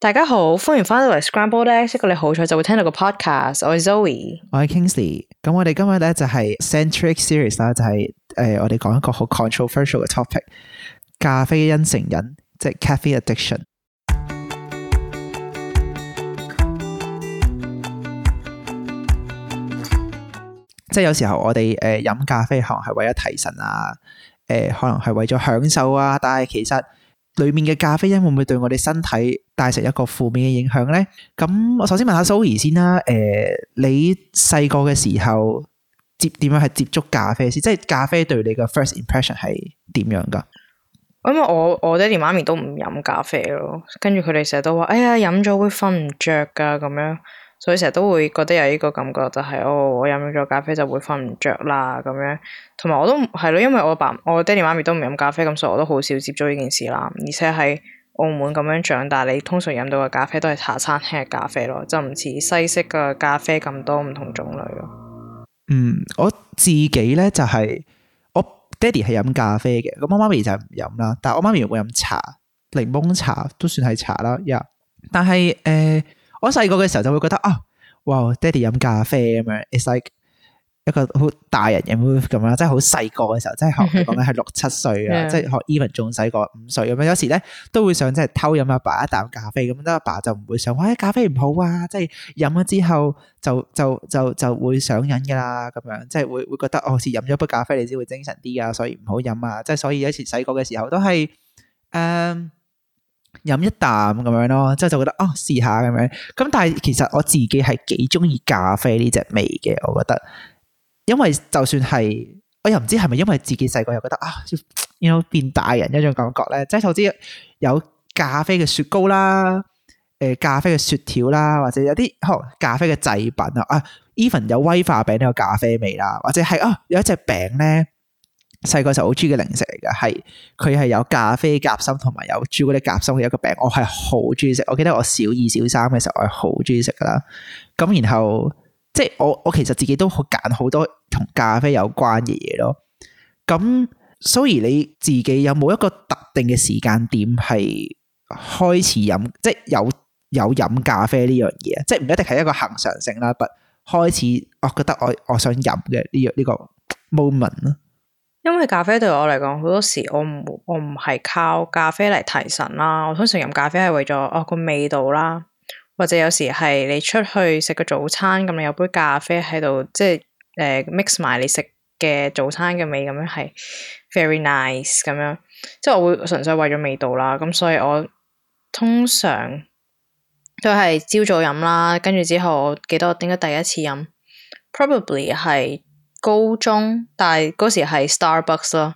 大家好，歡迎翻到嚟 Scrambled。呢，識過你好彩就會聽到個 podcast。我係 Zoe，我係 Kingsley。咁我哋今日咧就係、是、Century Egg Series 啦，就係、是、誒、呃、我哋講一個好 controversial 嘅 topic，咖啡因成癮，即係 caffeine addiction。 即係有時候我哋誒飲咖啡可能係為咗提神啊，誒、呃、可能係為咗享受啊，但係其實。裏面嘅咖啡因會唔會對我哋身體帶成一個負面嘅影響咧？咁我首先問下 Zoe 先啦。誒、呃，你細個嘅時候接點樣去接觸咖啡先？即係咖啡對你嘅 first impression 係點樣噶？因為我我爹哋媽咪都唔飲咖啡咯，跟住佢哋成日都話：哎呀，飲咗會瞓唔着噶咁樣。所以成日都會覺得有呢個感覺，就係、是、哦，我飲咗咖啡就會瞓唔着啦咁樣。同埋我都係咯，因為我爸我爹哋媽咪都唔飲咖啡咁，所以我都好少接觸呢件事啦。而且喺澳門咁樣長大，你通常飲到嘅咖啡都係茶餐廳嘅咖啡咯，就唔似西式嘅咖啡咁多唔同種類咯。嗯，我自己咧就係、是、我爹哋係飲咖啡嘅，咁我媽咪就唔飲啦。但係我媽咪會飲茶，檸檬茶都算係茶啦。呀、yeah，但係誒。我細個嘅時候就會覺得啊、哦，哇，爹哋飲咖啡咁樣 It's like 一個好大人嘅 move 咁啦，即係好細個嘅時候， 即係學你講緊係六七歲啊，Yeah. 即係學 even 仲細過五歲咁樣，有時咧都會想即係偷飲阿爸，爸一啖咖啡咁，得阿爸，爸就唔會想，喂，咖啡唔好啊，即係飲咗之後就就就就，就會上癮噶啦，咁樣即係會會覺得，哦，似飲咗杯咖啡你先會精神啲啊，所以唔好飲啊，即係所以有時細個嘅時候都係誒。嗯飲一啖咁樣咯，之後就覺得啊、哦，試下咁樣。咁但係其實我自己係幾中意咖啡呢隻味嘅，我覺得，因為就算係，我又唔知係咪因為自己細個又覺得啊，哦、you know，變大人一種感覺咧。即係我知有咖啡嘅雪糕啦，誒，咖啡嘅雪條啦，或者有啲、哦、咖啡嘅製品啊，啊，even 有威化餅都有咖啡味啦，或者係啊、哦，有一隻餅咧。細個時候好中意嘅零食嚟噶，係佢係有咖啡夾心同埋有朱古力夾心嘅一個餅，我係好中意食。我記得我小二、小三嘅時候，我係好中意食噶啦。咁然後即係我我其實自己都好揀好多同咖啡有關嘅嘢咯。咁所以你自己有冇一個特定嘅時間點係開始飲，即係有有飲咖啡呢樣嘢？即係唔一定係一個恒常性啦，但開始我覺得我我想飲嘅呢樣呢個 moment 啊。這個 mom 因為咖啡對我嚟講，好多時我唔我唔係靠咖啡嚟提神啦。我通常飲咖啡係為咗哦個味道啦，或者有時係你出去食個早餐咁、嗯，有杯咖啡喺度，即係誒 mix 埋你食嘅早餐嘅味，咁樣係 very nice 咁樣。即係我會純粹為咗味道啦。咁、嗯、所以我通常都係朝早飲啦，跟住之後我記得我點解第一次飲，probably 係。高中，但係嗰時係 Starbucks 咯，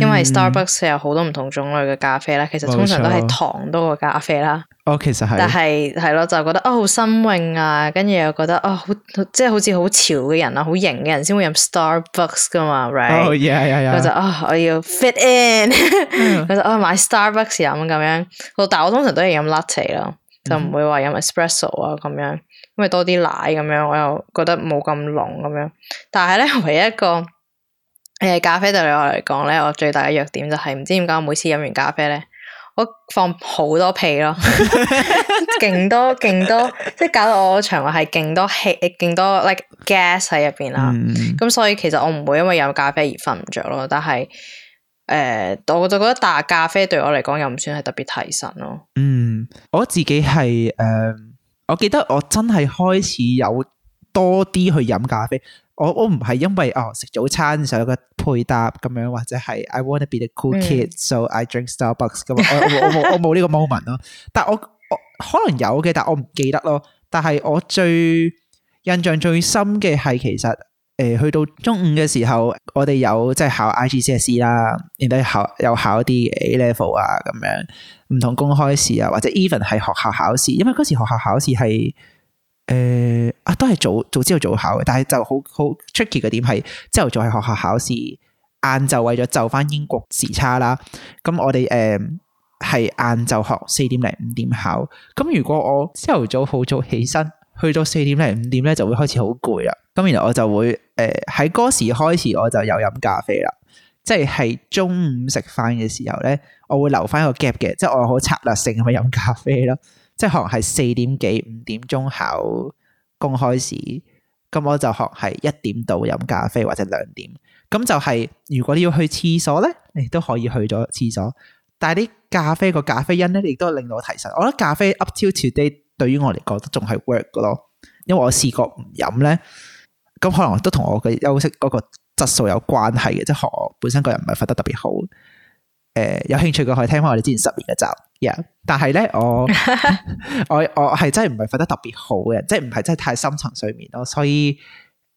因為 Starbucks 有好多唔同種類嘅咖啡啦，其實通常都係糖多過咖啡啦。哦，oh, 其實係。但係係咯，就覺得啊好新穎啊，跟住又覺得啊、哦、好，即係好似好潮嘅人啊，好型嘅人先會飲 Starbucks 噶嘛 right？哦，yeah yeah yeah。佢就啊、哦，我要 fit in，佢、 mm. 就啊、哦、買 Starbucks 飲咁樣。但係我通常都係飲 latte 咯，就唔會話飲 espresso 啊咁樣。因為多啲奶咁樣，我又覺得冇咁濃咁樣。但係咧，唯一一個誒，咖啡對我嚟講咧，我最大嘅弱點就係、是、唔知點解我每次飲完咖啡咧，我放好多屁咯，勁 多勁多，多，即係搞到我個腸胃係勁多氣，勁多 like gas 喺入邊啦。咁、嗯、所以其實我唔會因為飲咖啡而瞓唔着咯。但係誒、呃，我就覺得大咖啡對我嚟講又唔算係特別提神咯。嗯，我自己係誒。Uh 我記得我真係開始有多啲去飲咖啡，我我唔係因為哦食早餐時候有個配搭咁樣，或者係 I want to be the cool kid、mm. so I drink Starbucks 咁，我冇我冇呢個 moment 咯。但我，我可能有嘅，但我唔記得咯。但係我最印象最深嘅係其實。誒、呃，去到中午嘅時候，我哋有即係考 IGCSE 啦，然後考又考啲 A Level 啊，咁樣唔同公開試啊，或者 even 係學校考試，因為嗰時學校考試係誒啊，都係早早朝早考嘅，但係就好好 tricky 嘅點係朝頭早係學校考試，晏晝為咗就翻英國時差啦，咁我哋誒係晏晝學四點零五點考，咁如果我朝頭早好早起身去到四點零五點咧，就會開始好攰啦，咁然後我就會。誒，喺嗰、呃、時開始我就有飲咖啡啦，即係係中午食飯嘅時候咧，我會留翻一個 gap 嘅，即係我好策略性去飲咖啡咯。即係可能係四點幾五點鐘考公開試，咁我就學係一點到飲咖啡或者兩點。咁就係如果你要去廁所咧，你都可以去咗廁所。但係啲咖啡個咖啡因咧，亦都令到我提神。我覺得咖啡 up till today 對於我嚟講都仲係 work 嘅咯，因為我試過唔飲咧。咁可能都同我嘅休息嗰個質素有關係嘅，即係我本身個人唔係瞓得特別好。誒、呃，有興趣嘅可以聽翻我哋之前失眠嘅集。Yeah, 但係咧，我 我我係真係唔係瞓得特別好嘅，即係唔係真係太深層睡眠咯。所以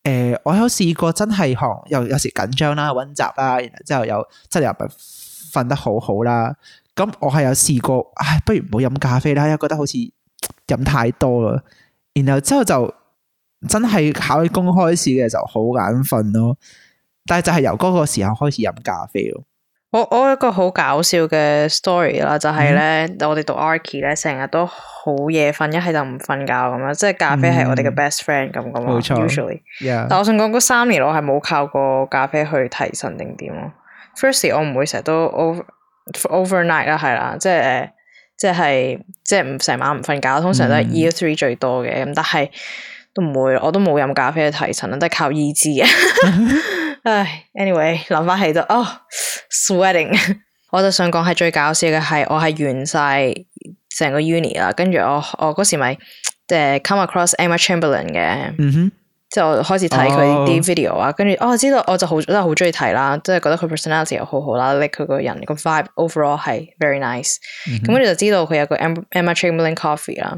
誒、呃，我有試過真係學，有有時緊張啦，溫習啦，然之後有真係唔瞓得好好啦。咁我係有試過，唉，不如唔好飲咖啡啦，因為又覺得好似飲太多啦。然後之後就。真係考公開試嘅時候好眼瞓咯，但係就係由嗰個時候開始飲咖啡咯。我我一個好搞笑嘅 story 啦，就係、是、咧、嗯、我哋讀 archi 咧成日都好夜瞓，一係就唔瞓覺咁樣，即係咖啡係我哋嘅 best friend 咁噶嘛。冇錯，usually，、yeah. 但我想講嗰三年我係冇靠過咖啡去提神定點咯。Firstly，我唔會成日都 over overnight 啦，係啦，即係即係即係唔成晚唔瞓覺，通常都係 year three 最多嘅，咁但係。都唔會，我都冇飲咖啡去提神啦，都係靠意志啊！唉，anyway，諗翻起都，哦，sweating，我就想講係最搞笑嘅係，我係完晒成個 uni 啦，跟住我我嗰時咪即係 come across Emma Chamberlain 嘅，嗯哼，我就開始睇佢啲 video 啊，跟住哦，我知道我就好真係好中意睇啦，真係覺得佢 personality 又好好啦，like 佢個人個 vibe overall 係 very nice，咁跟住就知道佢有個 Emma Chamberlain Coffee 啦。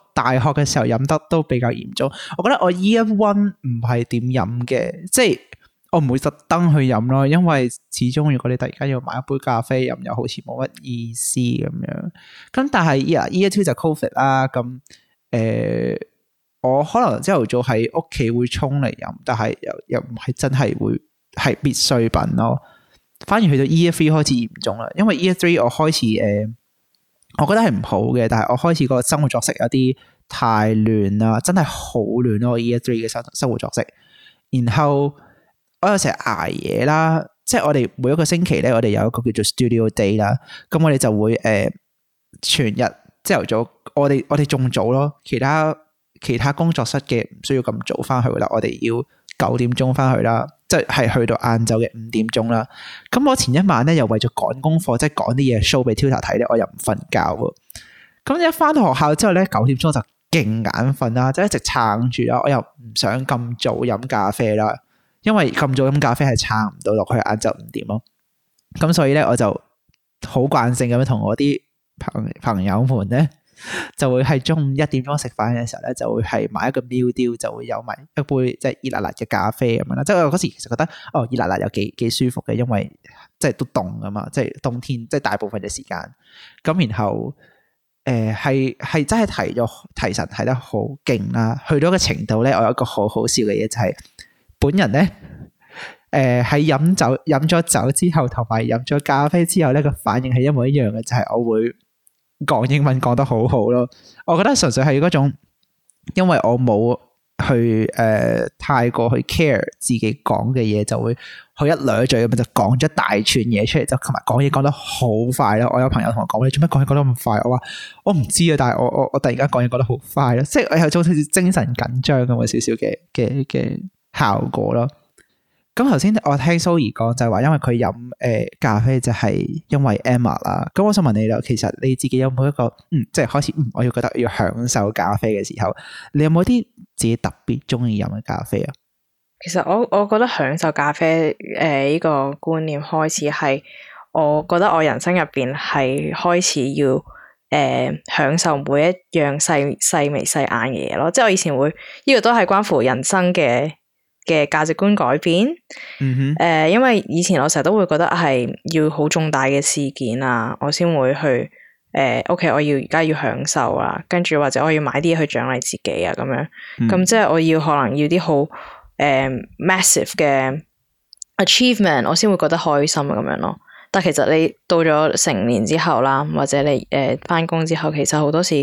大學嘅時候飲得都比較嚴重，我覺得我 E F one 唔係點飲嘅，即係我唔會特登去飲咯，因為始終如果你突然間要買一杯咖啡飲，又好似冇乜意思咁樣。咁但係 E 一 E two 就 Covid 啦，咁、嗯、誒、呃，我可能朝頭早喺屋企會沖嚟飲，但係又又唔係真係會係必需品咯。反而去到 E F three 開始嚴重啦，因為 E three 我開始誒。呃我覺得係唔好嘅，但係我開始個生活作息有啲太亂啦，真係好亂咯！我 year three 嘅生生活作息，然後我有成日捱夜啦，即係我哋每一個星期咧，我哋有一個叫做 studio day 啦，咁我哋就會誒、呃、全日朝頭早，我哋我哋仲早咯，其他其他工作室嘅唔需要咁早翻去啦，我哋要九點鐘翻去啦。即係去到晏晝嘅五點鐘啦，咁我前一晚咧又為咗趕功課，即係講啲嘢 show 俾 tutor 睇咧，我又唔瞓覺。咁一翻到學校之後咧，九點鐘就勁眼瞓啦，即係一直撐住啦，我又唔想咁早飲咖啡啦，因為咁早飲咖啡係撐唔到落去，晏晝五點咯。咁所以咧，我就好慣性咁樣同我啲朋朋友們咧。就會喺中午一點鐘食飯嘅時候咧，就會係買一個 meal deal，就會有埋一杯即係熱辣辣嘅咖啡咁樣啦。即係我嗰時其實覺得，哦熱辣辣又幾幾舒服嘅，因為即係都凍㗎嘛，即係冬天，即係大部分嘅時間。咁然後誒係係真係提咗提神，提得好勁啦、啊。去到個程度咧，我有一個好好笑嘅嘢、就是，就係本人咧誒喺飲酒飲咗酒之後，同埋飲咗咖啡之後咧、這個反應係一模一樣嘅，就係、是、我會。講英文講得好好咯，我覺得純粹係嗰種，因為我冇去誒、呃、太過去 care 自己講嘅嘢，就會去一兩嘴咁就講咗大串嘢出嚟，就同埋講嘢講得好快咯。我有朋友同我講：你做咩講嘢講得咁快？我話我唔知啊，但係我我我突然間講嘢講得好快咯，即係我有種好似精神緊張咁嘅少少嘅嘅嘅效果咯。咁頭先我聽蘇怡講就係話，因為佢飲誒咖啡就係因為 Emma 啦。咁我想問你啦，其實你自己有冇一個嗯，即係開始嗯我要覺得要享受咖啡嘅時候，你有冇啲自己特別中意飲嘅咖啡啊？其實我我覺得享受咖啡誒呢個觀念開始係，我覺得我人生入邊係開始要誒享受每一樣細細微細眼嘅嘢咯。即係我以前會呢個都係關乎人生嘅。嘅價值觀改變，誒、mm hmm. 呃，因為以前我成日都會覺得係要好重大嘅事件啊，我先會去誒、呃、OK，我要而家要享受啊，跟住或者我要買啲嘢去獎勵自己啊，咁樣，咁、mm hmm. 即係我要可能要啲好誒 massive 嘅 achievement，我先會覺得開心咁、啊、樣咯。但其實你到咗成年之後啦，或者你誒返工之後，其實好多時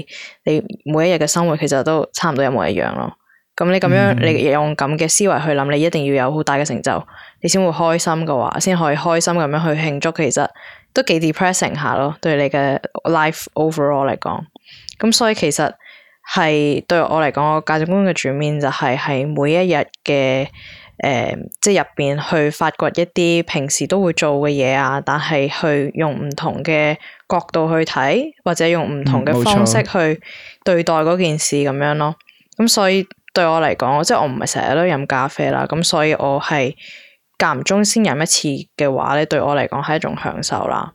你每一日嘅生活其實都差唔多一模一樣咯。咁你咁樣，你用咁嘅思維去諗，你一定要有好大嘅成就，你先會開心嘅話，先可以開心咁樣去慶祝。其實都幾 depressing 下咯，對你嘅 life overall 嚟講。咁所以其實係對我嚟講，我價值觀嘅轉變就係喺每一日嘅誒，即係入邊去發掘一啲平時都會做嘅嘢啊，但係去用唔同嘅角度去睇，或者用唔同嘅方式去對待嗰件事咁樣咯。咁所以。對我嚟講，即係我唔係成日都飲咖啡啦，咁所以我係間唔中先飲一次嘅話咧，對我嚟講係一種享受啦。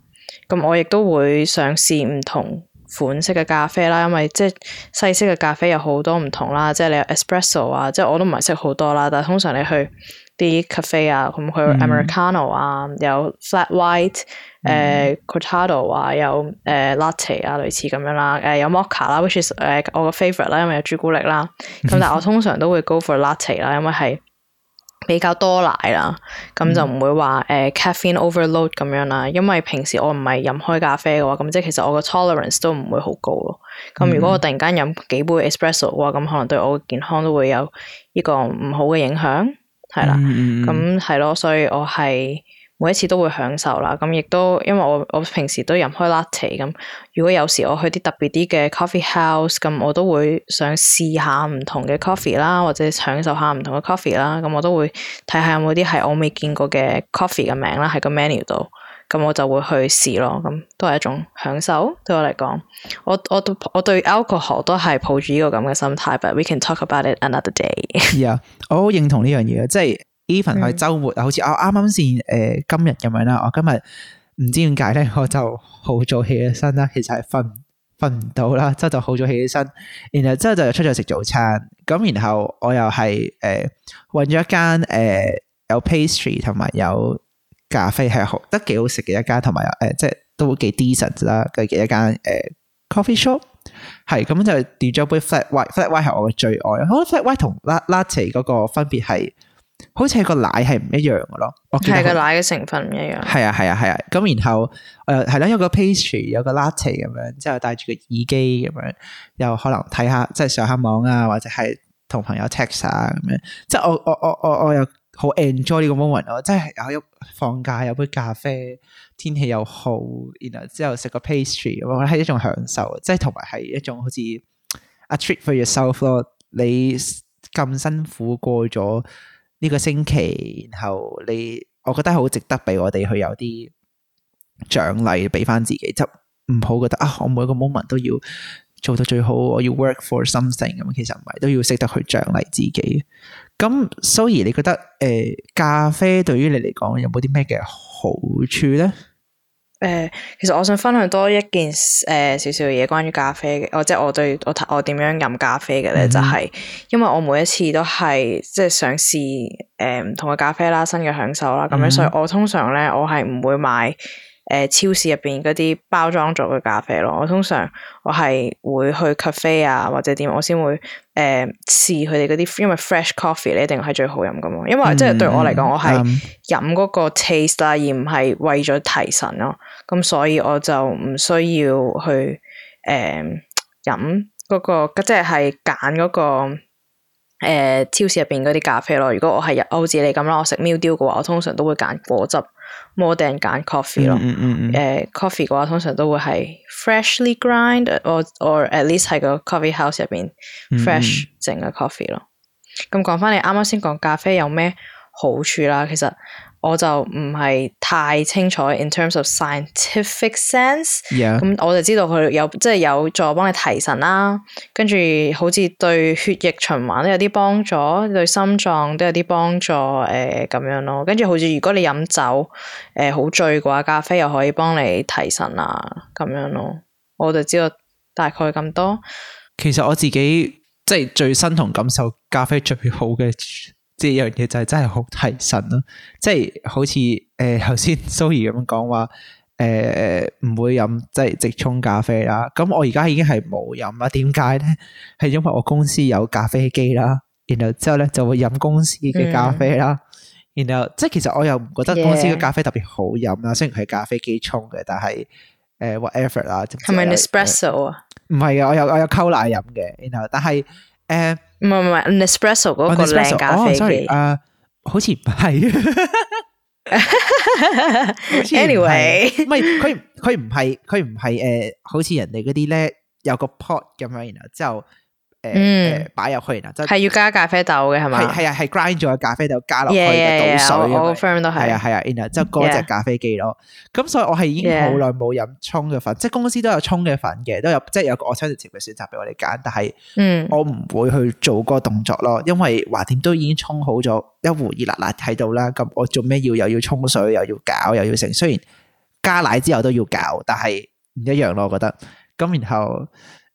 咁我亦都會嘗試唔同款式嘅咖啡啦，因為即係西式嘅咖啡有好多唔同啦，即係你有 espresso 啊，即係我都唔係識好多啦，但係通常你去啲 cafe 啊，咁佢有、嗯、Americano 啊，有 flat white。誒、嗯、cortado、呃呃、啊，有誒 latte 啊，類似咁樣啦。誒有 mocha 啦，which is 誒、呃、我個 favorite 啦，因為有朱古力啦。咁 但係我通常都會 go for latte 啦，因為係比較多奶啦。咁、嗯、就唔會話誒、呃、caffeine overload 咁樣啦。因為平時我唔係飲開咖啡嘅話，咁即係其實我個 tolerance 都唔會好高咯。咁如果我突然間飲幾杯 espresso 嘅話，咁可能對我嘅健康都會有呢個唔好嘅影響，係啦。咁係咯，所以，所以我係。每一次都會享受啦，咁亦都因為我我平時都飲開 latte 咁。如果有時我去啲特別啲嘅 coffee house，咁我都會想試下唔同嘅 coffee 啦，或者享受下唔同嘅 coffee 啦。咁我都會睇下有冇啲係我未見過嘅 coffee 嘅名啦，喺個 menu 度。咁我就會去試咯。咁都係一種享受對我嚟講。我我，我對我對 alcohol 都係抱住呢個咁嘅心態，but we can talk about it another day。Yeah, 我好認同呢樣嘢，即係。even 去周末是好似我啱啱先誒今日咁樣啦，我今日唔知點解咧，我就好早起起身啦。其實係瞓瞓唔到啦，之後就，就好早起起身，然後之後就出去食早餐。咁然後我又係誒，搵、呃、咗一間誒、呃、有 pastry 同埋有咖啡係好得幾好食嘅一間，同埋誒即係都幾 decent 啦嘅一間誒、呃、coffee shop。係咁就點咗杯 flat white，flat white 係 white 我嘅最愛。好，flat white 同 latte 嗰個分別係。好似個奶係唔一樣嘅咯，係個奶嘅成分唔一樣。係啊係啊係啊，咁、啊啊、然後誒係咯，有個 pastry，有個 latte 咁樣，之後戴住個耳機咁樣，又可能睇下即係上下網啊，或者係同朋友 text 啊咁樣。即係我我我我我又好 enjoy 呢個 moment 咯，即係有放假有杯咖啡，天氣又好，然後之後食個 pastry，我覺得係一種享受，即係同埋係一種好似 a treat for yourself 咯。你咁辛苦過咗，呢個星期，然後你，我覺得好值得俾我哋去有啲獎勵俾翻自己，即唔好覺得啊，我每一個 moment 都要做到最好，我要 work for something 咁。其實唔係，都要識得去獎勵自己。咁 Zoe 你覺得誒、呃，咖啡對於你嚟講有冇啲咩嘅好處咧？誒，其實我想分享多一件誒、呃、少少嘢，關於咖啡嘅，我即係我對我我點樣飲咖啡嘅咧，mm hmm. 就係因為我每一次都係即係想試誒唔同嘅咖啡啦，新嘅享受啦，咁樣、mm hmm. 所以我通常咧我係唔會買誒、呃、超市入邊嗰啲包裝咗嘅咖啡咯，我通常我係會去 cafe 啊或者點，我先會誒試佢哋嗰啲，因為 fresh coffee 你一定係最好飲噶嘛，因為,、mm hmm. 因為即係對我嚟講，我係飲嗰個 taste 啦，而唔係為咗提神咯、啊。咁所以我就唔需要去，誒、呃，飲嗰個即係揀嗰個，誒、那個呃，超市入邊嗰啲咖啡咯。如果我係好似你咁啦，我食 mildo 嘅話，我通常都會揀果汁，more than 揀 coffee 咯。誒，coffee 嘅話通常都會係 freshly grind，or or at least 喺個 coffee house 入邊 fresh 整嘅 coffee 咯。咁講翻你啱啱先講咖啡有咩好處啦，其實。我就唔係太清楚，in terms of scientific sense，咁 Yeah. 我就知道佢有即係、就是、有助幫你提神啦、啊，跟住好似對血液循環都有啲幫助，對心臟都有啲幫助誒咁、呃、樣咯。跟住好似如果你飲酒誒好、呃、醉嘅話，咖啡又可以幫你提神啊咁樣咯。我就知道大概咁多。其實我自己即係最身同感受咖啡最好嘅。呢樣嘢就係真係好提神咯、啊，即係好似誒頭先 s o r 怡咁講話誒唔會飲即係直衝咖啡啦。咁我而家已經係冇飲啦。點解咧？係因為我公司有咖啡機啦，然後之後咧就會飲公司嘅咖啡啦。Mm. 然後即係其實我又唔覺得公司嘅咖啡特別好飲啦。Yeah. 雖然係咖啡機沖嘅，但係誒、呃、whatever 啦。係咪 Espresso 啊？唔係啊，我有我有 Cold 奶飲嘅。然 you 後 know, 但係誒。呃唔係唔係，Nespresso 嗰、那個靚、oh, 咖啡機，sorry 啊，好似唔係，anyway，唔係佢佢唔係佢唔係誒，好似人哋嗰啲咧有個 pot 咁樣，然後之後。嗯，擺入去然後啦，係、就是、要加咖啡豆嘅係咪？係係啊，係 grind 咗咖啡豆加落去嘅 Yeah, yeah, 倒水，我個 friend 都係係啊係啊，yeah, 即係嗰隻咖啡機咯。咁 yeah, 所以我係已經好耐冇飲沖嘅粉，yeah, 即係公司都有沖嘅粉嘅，都有即係有個 alternative 嘅選擇俾我哋揀。但係我唔會去做嗰個動作咯，因為華店都已經沖好咗一壺熱辣辣喺度啦。咁我做咩要又要沖水又要搞，又要成。雖然加奶之後都要搞，但係唔一樣咯，我覺得。咁然後誒。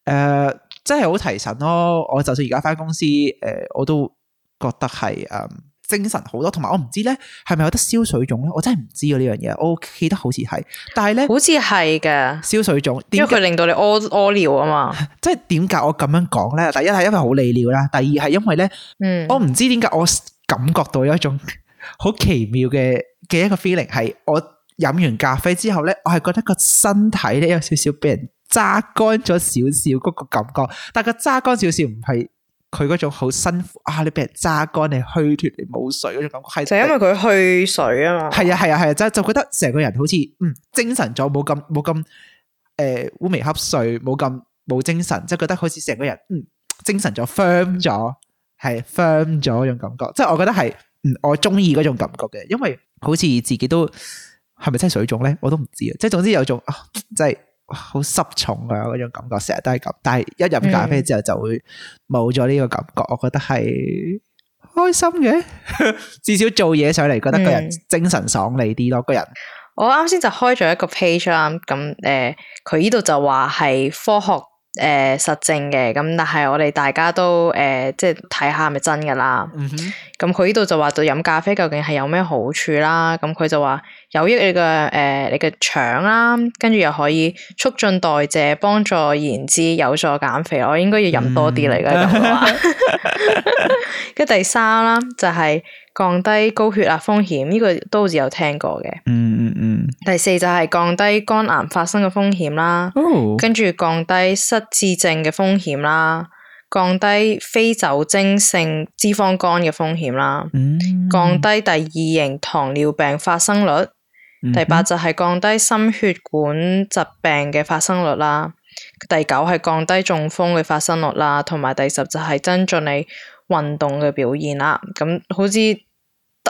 呃真係好提神咯！我就算而家返公司，誒、呃，我都覺得係誒、嗯、精神好多，同埋我唔知咧，係咪有得消水腫咧？我真係唔知喎呢樣嘢。我記得好似係，但係咧，好似係嘅，消水腫，因為佢令到你屙屙尿啊嘛。嗯、即係點解我咁樣講咧？第一係因為好利尿啦，第二係因為咧，嗯、我唔知點解我感覺到有一種好奇妙嘅嘅一個 feeling，係我飲完咖啡之後咧，我係覺得個身體咧有少少俾人。揸乾咗少少嗰個感覺，但係佢揸乾少少唔係佢嗰種好辛苦啊！你俾人揸乾，你虛脫，你冇水嗰種感覺，係就因為佢去水啊嘛。係啊係啊係啊，就就覺得成個人好似嗯精神咗，冇咁冇咁誒烏眉瞌睡，冇咁冇精神，即係覺得好似成個人嗯精神咗，firm 咗，係 firm 咗種感覺。即係我覺得係我中意嗰種感覺嘅，因為好似自己都係咪真係水腫咧？我都唔知啊。即係總之有種啊，即係。好濕重啊嗰種感覺，成日都係咁，但係一飲咖啡之後就會冇咗呢個感覺，嗯、我覺得係開心嘅， 至少做嘢上嚟覺得個人精神爽利啲咯。個人我啱先就開咗一個 page 啦，咁誒，佢呢度就話係科學。誒、呃，實證嘅咁，但係我哋大家都誒、呃，即係睇下係咪真噶啦。咁佢呢度就話到飲咖啡究竟係有咩好處啦？咁佢就話有益你嘅、誒、呃，你嘅腸啦，跟住又可以促進代謝，幫助燃脂，有助減肥。我應該要飲多啲嚟嘅咁嘅話。跟住第三啦，就係、是。降低高血壓風險，呢、這個都好似有聽過嘅、嗯。嗯嗯嗯。第四就係降低肝癌發生嘅風險啦，哦、跟住降低失智症嘅風險啦，降低非酒精性脂肪肝嘅風險啦，嗯、降低第二型糖尿病發生率。嗯、第八就係降低心血管疾病嘅發生率啦，嗯嗯、第九係降低中風嘅發生率啦，同埋第十就係增進你運動嘅表現啦。咁好似。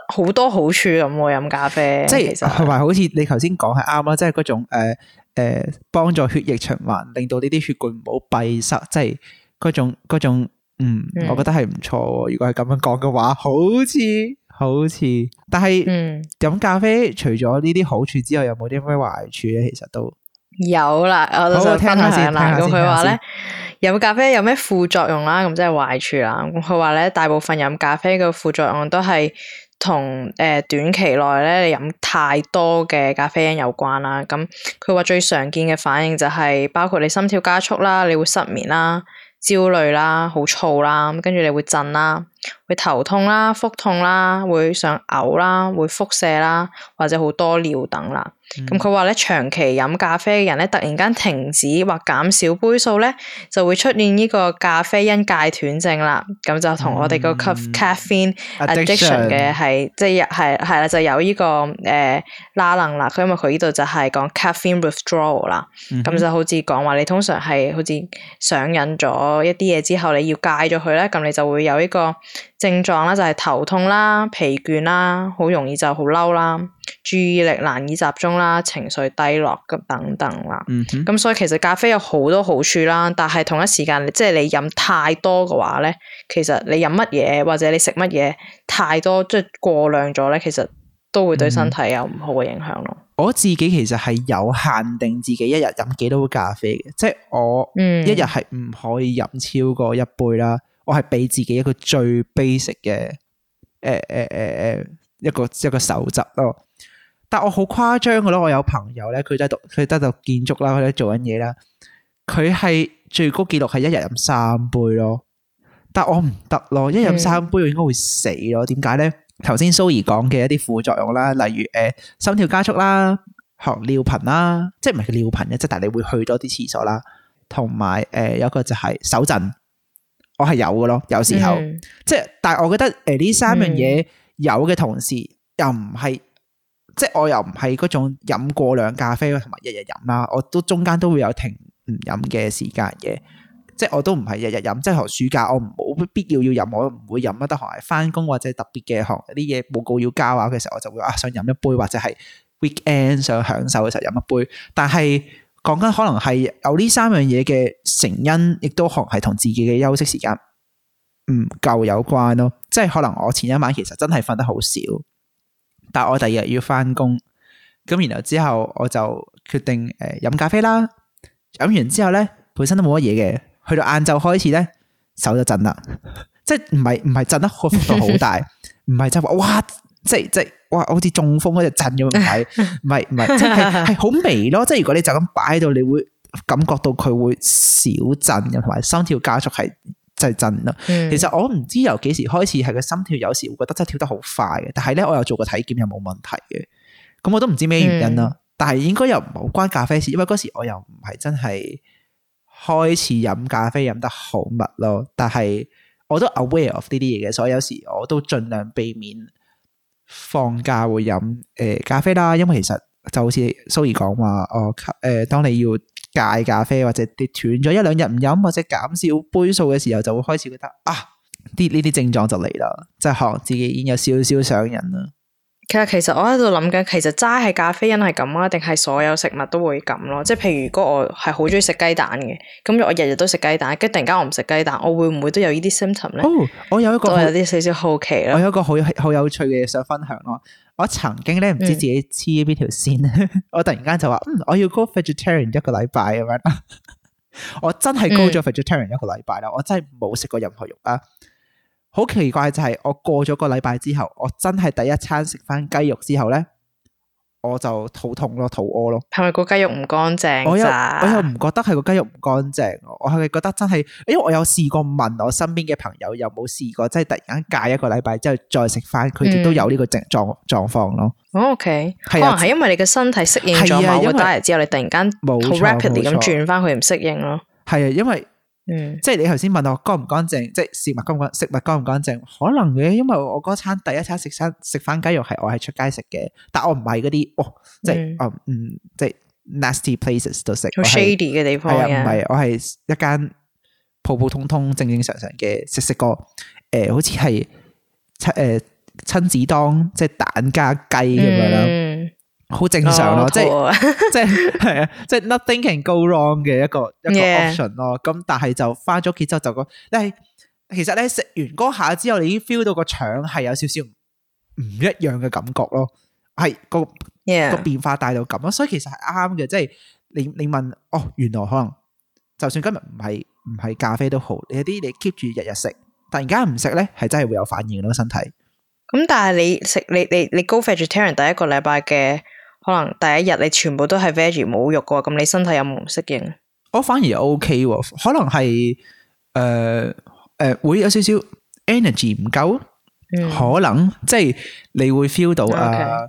好多好處咁，飲咖啡即係，同埋好似你頭先講係啱啦，即係嗰種誒誒，呃呃、幫助血液循環，令到呢啲血管唔好閉塞，即係嗰種嗰種，嗯，嗯我覺得係唔錯。如果係咁樣講嘅話，好似好似，但係嗯、飲咖啡除咗呢啲好處之外，有冇啲咩壞處咧？其實都有啦。我好聽下先啦。咁佢話咧，飲咖啡有咩副作用啦？咁即係壞處啦。咁佢話咧，大部分飲咖啡嘅副作用都係。同誒短期內咧，你飲太多嘅咖啡因有關啦。咁佢話最常見嘅反應就係包括你心跳加速啦，你會失眠啦，焦慮啦，好燥啦，跟住你會震啦，會頭痛啦，腹痛啦，會想嘔啦，會腹瀉啦，或者好多尿等啦。咁佢話咧，嗯、長期飲咖啡嘅人咧，突然間停止或減少杯數咧，就會出現呢個咖啡因戒斷症啦。咁就同我哋個吸 caffeine addiction 嘅係即係係係啦，就、嗯、有呢、這個誒拉能啦。佢因為佢呢度就係講 caffeine withdrawal 啦。咁、嗯、哼就好似講話你通常係好似上癮咗一啲嘢之後，你要戒咗佢咧，咁你就會有呢個症狀啦，就係、是、頭痛啦、疲倦啦，好容易就好嬲啦。注意力難以集中啦，情緒低落咁等等啦。咁，嗯哼，嗯，所以其實咖啡有好多好處啦，但係同一時間，即係你飲太多嘅話咧，其實你飲乜嘢或者你食乜嘢太多，即係過量咗咧，其實都會對身體有唔好嘅影響咯、嗯。我自己其實係有限定自己一日飲幾多杯咖啡嘅，即係我一日係唔可以飲超過一杯啦。嗯、我係俾自己一個最 basic 嘅，誒誒誒誒，一個一個守則咯。呃但我好誇張噶咯，我有朋友咧，佢就係讀佢都係讀建築啦，佢喺做緊嘢啦。佢係最高紀錄係一日飲三杯咯。但我唔得咯，一日飲三杯我應該會死咯。點解咧？頭先蘇怡講嘅一啲副作用啦，例如誒、呃、心跳加速啦、尿頻啦，即係唔係尿頻嘅，即係但係你會去多啲廁所啦。同埋誒有一個就係手震，我係有噶咯，有時候、嗯、即係。但係我覺得誒呢、呃、三樣嘢有嘅同時又唔係。即係我又唔係嗰種飲過量咖啡同埋日日飲啦，我都中間都會有停唔飲嘅時間嘅。即係我都唔係日日飲，即係學暑假我冇必要要飲，我唔會飲乜得閒。翻工、或者特別嘅行啲嘢報告要交啊嘅時候，我就會啊想飲一杯，或者係 weekend 想享受嘅時候飲一杯。但係講緊可能係有呢三樣嘢嘅成因，亦都可能係同自己嘅休息時間唔夠有關咯。即係可能我前一晚其實真係瞓得好少。但係我第二日要翻工，咁然後之後我就決定誒飲、呃、咖啡啦。飲完之後咧，本身都冇乜嘢嘅，去到晏晝開始咧，手就震啦。即係唔係唔係震得個幅度好大，唔係就話哇，即係即係哇，好似中風嗰隻震咁樣，唔係唔係唔係，係好微咯。即係如果你就咁擺喺度，你會感覺到佢會小震，同埋心跳加速係。就係震啦，其實我唔知由幾時開始係個心跳，有時會覺得真係跳得好快嘅，但係咧我又做過體檢又冇問題嘅，咁我都唔知咩原因啦，嗯、但係應該又唔好關咖啡事，因為嗰時我又唔係真係開始飲咖啡飲得好密咯，但係我都 aware of 呢啲嘢嘅，所以有時我都盡量避免放假會飲誒咖啡啦，因為其實就好似 Zoe 講話哦，誒、呃、當你要，戒咖啡或者跌斷咗一兩日唔飲或者減少杯數嘅時候，就會開始覺得啊，啲呢啲症狀就嚟啦，即係學自己已經有少少上癮啦。其實其實我喺度諗緊，其實齋係咖啡因係咁啊，定係所有食物都會咁咯？即係譬如如果我係好中意食雞蛋嘅，咁我日日都食雞蛋，跟住突然間我唔食雞蛋，我會唔會都有呢啲 symptom 咧？哦，我有一個，我有啲少少好奇啦。我有一個好好有趣嘅嘢想分享咯。我曾經咧唔知自己黐邊條線咧，嗯、 我突然間就話、嗯，我要 go vegetarian 一個禮拜咁樣。我真係 go 咗 vegetarian 一個禮拜啦，我真係冇食過任何肉啊。好奇怪就係我過咗個禮拜之後，我真係第一餐食翻雞肉之後咧，我就肚痛咯，肚屙咯。係咪個雞肉唔乾淨？我又我又唔覺得係個雞肉唔乾淨，我係咪覺得真係？因為我有試過問我身邊嘅朋友，有冇試過即係突然間隔一個禮拜之後再食翻，佢哋都有呢個症狀狀況咯。O K，係啊，因為你嘅身體適應咗某啲嘢之後，你突然間冇 rapidly 咁轉翻，佢唔適應咯。係啊，因為。嗯，即係你頭先問我乾唔乾淨，即係食物乾唔乾，食物乾唔乾淨？可能嘅。因為我嗰餐第一餐食餐食翻雞肉係我係出街食嘅，但我唔係嗰啲，哦，即係，嗯，嗯，即係 nasty places 度食，好 shady 嘅地方，係啊，唔係，我係一間普普通通，正正常常嘅食食過，誒、呃，好似係親誒親子檔，即係蛋加雞咁樣啦。好正常咯，即係即係係啊，即係 nothing can go wrong 嘅一個一個 option 咯。咁但係就返咗屋企就講，但係其實咧食完嗰下之後，你已經 feel 到個腸係有少少唔一樣嘅感覺咯，係個個變化帶到咁啊。所以其實係啱嘅，即係你你問哦，原來可能就算今日唔係唔係咖啡都好，你有啲你 keep 住日日食，突然間唔食咧，係真係會有反應咯，身體。咁但係你食你你你 go vegetarian 第一個禮拜嘅。可能第一日你全部都係 veggie 冇肉嘅話，咁你身體有冇適應？我反而 OK 喎，可能係誒誒會有少少 energy 唔夠，嗯、可能即係你會 feel 到啊，Okay.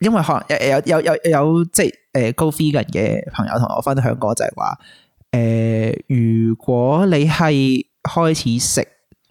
因為可能有有有有有即係誒 Go vegan 嘅朋友同我分享過就，就係話誒如果你係開始食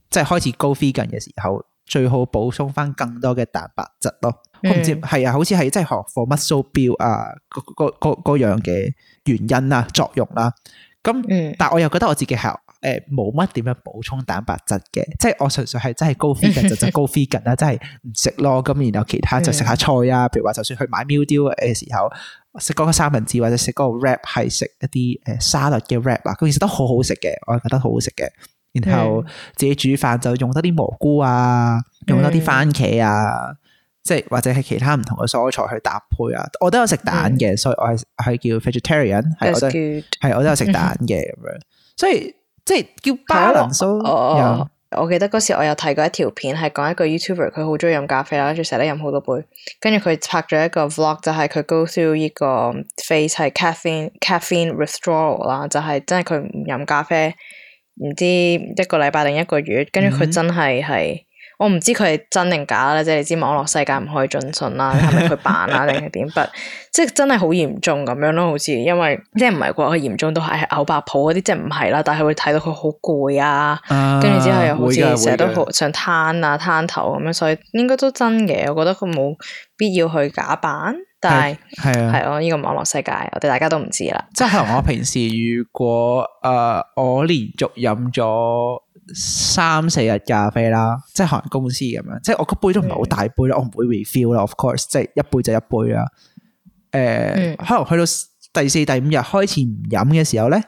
即係開始 Go vegan 嘅時候，最好補充翻更多嘅蛋白質咯。我唔知係啊，好似係即係學課 muscle build 啊，嗰嗰樣嘅原因啊，作用啦、啊。咁但係我又覺得我自己係誒冇乜點樣補充蛋白質嘅，即係我純粹係真係高肥近就就高肥近啦，即係唔食咯。咁然後其他就食下菜啊，譬如話就算去買 meal deal 嘅時候食嗰個三文治或者食嗰個 wrap 係食一啲誒沙律嘅 wrap 啦，咁其實都好好食嘅，我係覺得好好食嘅。然後自己煮飯就用多啲蘑菇啊，用多啲番茄啊。即係或者係其他唔同嘅蔬菜去搭配啊！我都有食蛋嘅，嗯、所以我係係叫 vegetarian，係 That 's 我叫係 我都有食蛋嘅咁樣， 所以即係叫 balance。哦哦，我記得嗰時我有睇過一條片，係講一個 YouTuber 佢好中意飲咖啡啦，跟住成日飲好多杯，跟住佢拍咗一個 Vlog，就係佢 go through 呢個 phase 係 caffeine caffeine withdrawal 啦，就係真係佢唔飲咖啡，唔知一個禮拜定一個月，跟住佢真係係、mm。Hmm. 我唔知佢係真定假啦，即係你知網絡世界唔可以盡信啦，係咪佢扮啊定係點？不， 即係真係好嚴重咁樣咯，好似因為即係唔係話去嚴重都係，係嘔白泡嗰啲即係唔係啦，但係會睇到佢好攰啊，跟住之後又好似成日都好的想癱啊癱頭咁樣，所以應該都真嘅。我覺得佢冇必要去假扮，但係係啊係咯，呢、這個網絡世界，我哋大家都唔知啦。即係可能我平時如果誒、呃、我連續飲咗。三四日咖啡啦，即係可能公司咁樣，即係我個杯都唔係好大杯、嗯、啦，我唔會 refill 啦，of course，即係一杯就一杯啦。誒、呃，嗯、可能去到第四、第五日開始唔飲嘅時候咧，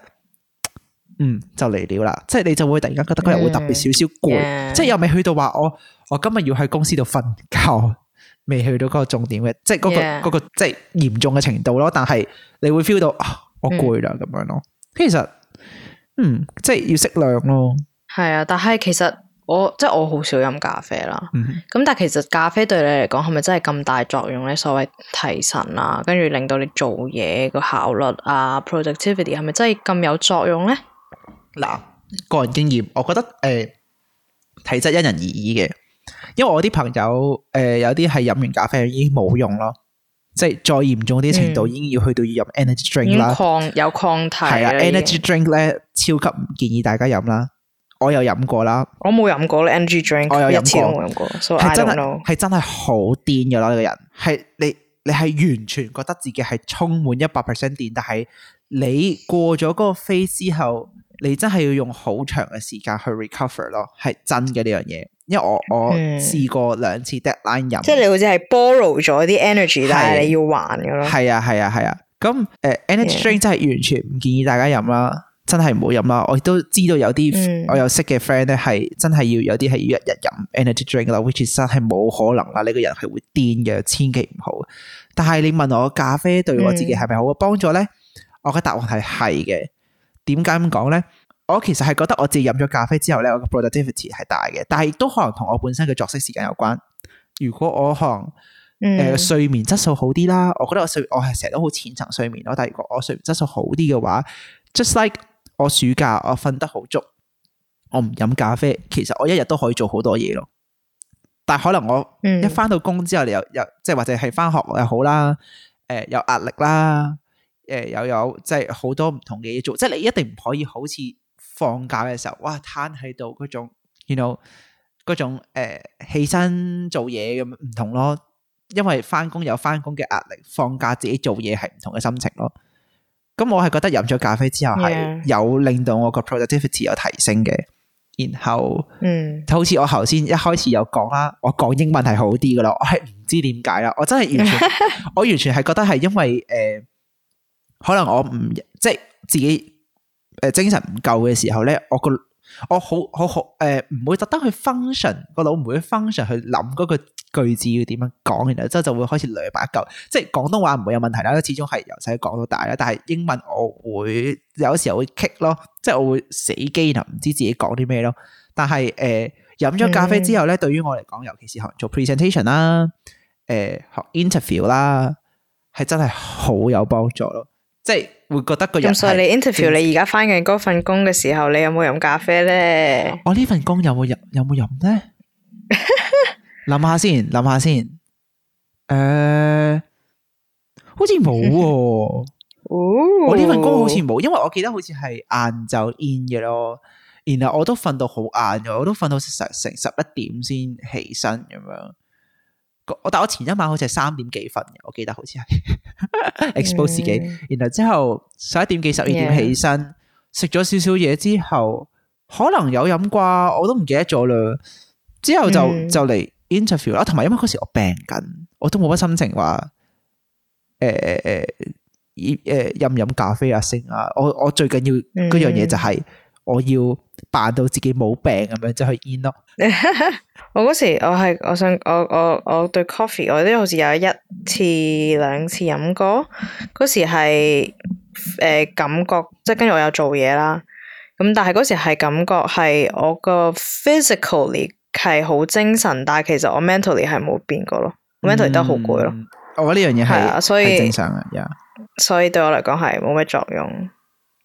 嗯，就嚟了啦。即係你就會突然間覺得嗰日會特別少少攰，嗯、yeah, 即係又未去到話我我今日要喺公司度瞓覺，未去到嗰個重點嘅，即係嗰、嗰個嗰 yeah,、嗰個嗰個即係嚴重嘅程度咯。但係你會 feel 到、啊、我攰啦咁樣咯。其實，嗯，即係要適量咯。係啊，但係其實我即係我好少飲咖啡啦。咁、嗯、但係其實咖啡對你嚟講係咪真係咁大作用咧？所謂提神啊，跟住令到你做嘢個效率啊，productivity 係咪真係咁有作用咧？嗱，個人經驗，我覺得誒、呃，體質因人而異嘅。因為我啲朋友誒、呃，有啲係飲完咖啡已經冇用咯，即係再嚴重啲程度，嗯、已經要去到要飲 energy drink 啦。抗有抗體係啊，energy drink 咧，超級唔建議大家飲啦。我有, drink, 我有飲過啦，我冇飲過啦。Energy drink 我有飲過，係真係係真係好癲噶啦！呢個人係你，你係完全覺得自己係充滿一百 percent 電，但係你過咗嗰個 phase 之後，你真係要用好長嘅時間去 recover 咯，係真嘅呢樣嘢。因為我我試過兩次 deadline 飲，即係你好似係 borrow 咗啲 energy，但係你要還噶咯。係啊係啊係啊，咁誒、啊啊 uh,，energy drink 真係 Yeah. 完全唔建議大家飲啦。真係唔好飲啦！我亦都知道有啲我有識嘅 friend 咧，係真係要有啲係要日日飲 energy drink 啦、mm.，which is 真係冇可能啦！你、這個人係會癲嘅，千祈唔好。但係你問我咖啡對我自己係咪好嘅幫助咧？我嘅答案係係嘅。點解咁講咧？我其實係覺得我自己飲咗咖啡之後咧，我嘅 productivity 係大嘅。但係亦都可能同我本身嘅作息時間有關。如果我可能誒、mm. 呃、睡眠質素好啲啦，我覺得我睡我係成日都好淺層睡眠咯。但係如果我睡眠質素好啲嘅話，just like 我暑假我瞓得好足，我唔飲咖啡。其實我一日都可以做好多嘢咯，但可能我一翻到工之後，嗯、你又又即係或者係翻學又好啦，誒、呃、有壓力啦，誒、呃、又有即係好多唔同嘅嘢做。即係你一定唔可以好似放假嘅時候，哇癱喺度嗰種 you know 嗰種誒、呃、起身做嘢咁唔同咯。因為翻工有翻工嘅壓力，放假自己做嘢係唔同嘅心情咯。咁我係覺得飲咗咖啡之後係有令到我個 productivity 有提升嘅，然後嗯，好似我頭先一開始有講啦，我講英文係好啲噶啦，我係唔知點解啦，我真係完全， 我完全係覺得係因為誒、呃，可能我唔即係自己誒、呃、精神唔夠嘅時候咧，我個。我好好好誒，唔、呃、會特登去 function 個腦，唔會 function 去諗嗰個句子要點樣講，然後之後就會開始兩百嚿，即係廣東話唔會有問題啦，因始終係由細講到大啦。但係英文我會有時候會 kick 咯，即係我會死機，然後唔知自己講啲咩咯。但係誒飲咗咖啡之後咧，嗯、對於我嚟講，尤其是學做 presentation 啦、誒、呃、學 interview 啦，係真係好有幫助咯。即係會覺得個人咁。所以你 interview 你而家返緊嗰份工嘅時候，你有冇飲咖啡咧？我呢份工有冇飲有冇飲咧？諗下先，諗下先。誒，好似冇。哦，我呢份工好似冇，因為我記得好似係晏晝 in 嘅咯。然後我都瞓到好晏咗，我都瞓到成十一點先起身咁樣。我但我前一晚好似係三點幾瞓嘅，我記得好似係 ，Expose 自己，mm hmm. 然後之後十一點幾十二點起身，食咗 Yeah. 少少嘢之後，可能有飲啩，我都唔記得咗啦。之後就、mm hmm. 就嚟 interview 啦，同埋因為嗰時我病緊，我都冇乜心情話，誒誒誒，飲誒飲飲咖啡啊，升啊，我我最緊要嗰樣嘢就係、是 mm hmm. 我要。扮到自己冇病咁樣就去醫咯 。我嗰時我係我想我我我對 coffee 我都好似有一次兩次飲過。嗰時係誒、呃、感覺即係跟住我有做嘢啦。咁但係嗰時係感覺係我個 physically 係好精神，但係其實我 mentally 係冇變過咯。mentally 都好攰咯。我覺得呢樣嘢係所以正常嘅。Yeah、所以對我嚟講係冇咩作用。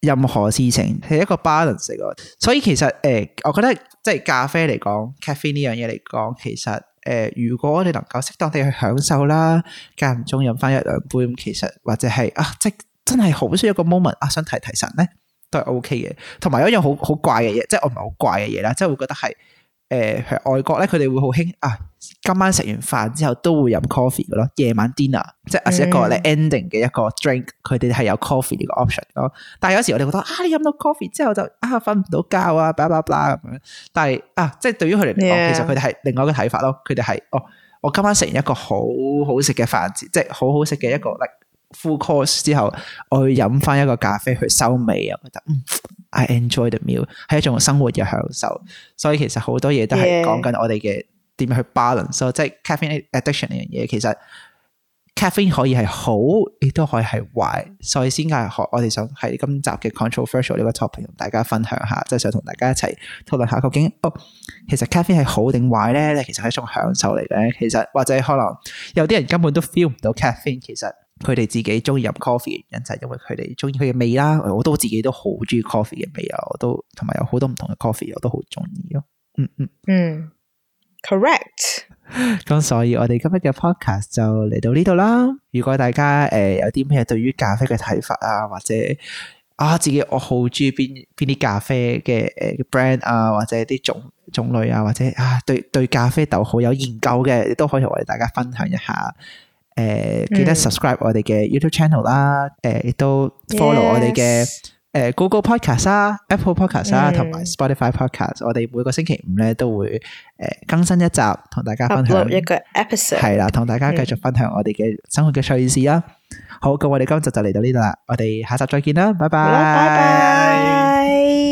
任何事情係一個 balance 嚟嘅，所以其實誒、呃，我覺得即係咖啡嚟講 caffeine 呢樣嘢嚟講，其實誒、呃，如果你能夠適當地去享受啦，間唔中飲翻一兩杯咁，其實或者係啊，即真係好需要一個 moment 啊，想提提神咧都係 OK 嘅。同埋有一樣好好怪嘅嘢，即係我唔係好怪嘅嘢啦，即係會覺得係。誒、呃，外國咧，佢哋會好興啊！今晚食完飯之後都會飲 coffee 嘅咯，夜晚 dinner、嗯、即係一個咧 ending 嘅一個 drink，佢哋係有 coffee 呢個 option 咯。但係有時我哋覺得啊，你飲到 coffee 之後就啊瞓唔到覺啊，blah blah blah 咁樣。但係啊，即係對於佢哋嚟講，Yeah. 其實佢哋係另外一個睇法咯。佢哋係哦，我今晚食完一個好好食嘅飯，即係好好食嘅一個，一個、like、full course 之後，我去飲翻一個咖啡去收尾啊，我覺得嗯。I enjoy the meal，係一種生活嘅享受，所以其實好多嘢都係講緊我哋嘅點樣去 balance。So, 即係 caffeine addiction 呢樣嘢，其實 caffeine 可以係好，亦都可以係壞。所以先家學，我哋想喺今集嘅 controversial 呢個 topic 同大家分享下，即係想同大家一齊討論下究竟哦，其實 caffeine 係好定壞咧？其實係一種享受嚟嘅，其實或者可能有啲人根本都 feel 唔到 caffeine，其實。佢哋自己中意飲咖啡嘅原因就係、是、因為佢哋中意佢嘅味啦。我都自己都好中意咖啡嘅味啊！我都同埋有好多唔同嘅咖啡，我都好中意咯。嗯嗯嗯，correct。咁 所以，我哋今日嘅 podcast 就嚟到呢度啦。如果大家誒、呃、有啲咩對於咖啡嘅睇法啊，或者啊自己我好中意邊邊啲咖啡嘅誒、呃、brand 啊，或者啲種種類啊，或者啊對對咖啡豆好有研究嘅，亦都可以同我哋大家分享一下。誒，記得 subscribe 我哋嘅 YouTube channel 啦，誒，亦都 follow 我哋嘅誒 Google Podcast 啊、Apple Podcast 啦，同埋 Spotify Podcast。我哋每個星期五咧都會誒更新一集，同大家分享一個 episode，係啦，同大家繼續分享我哋嘅生活嘅趣事啦。好，咁我哋今集就嚟到呢度啦，我哋下集再見啦，拜拜，拜拜。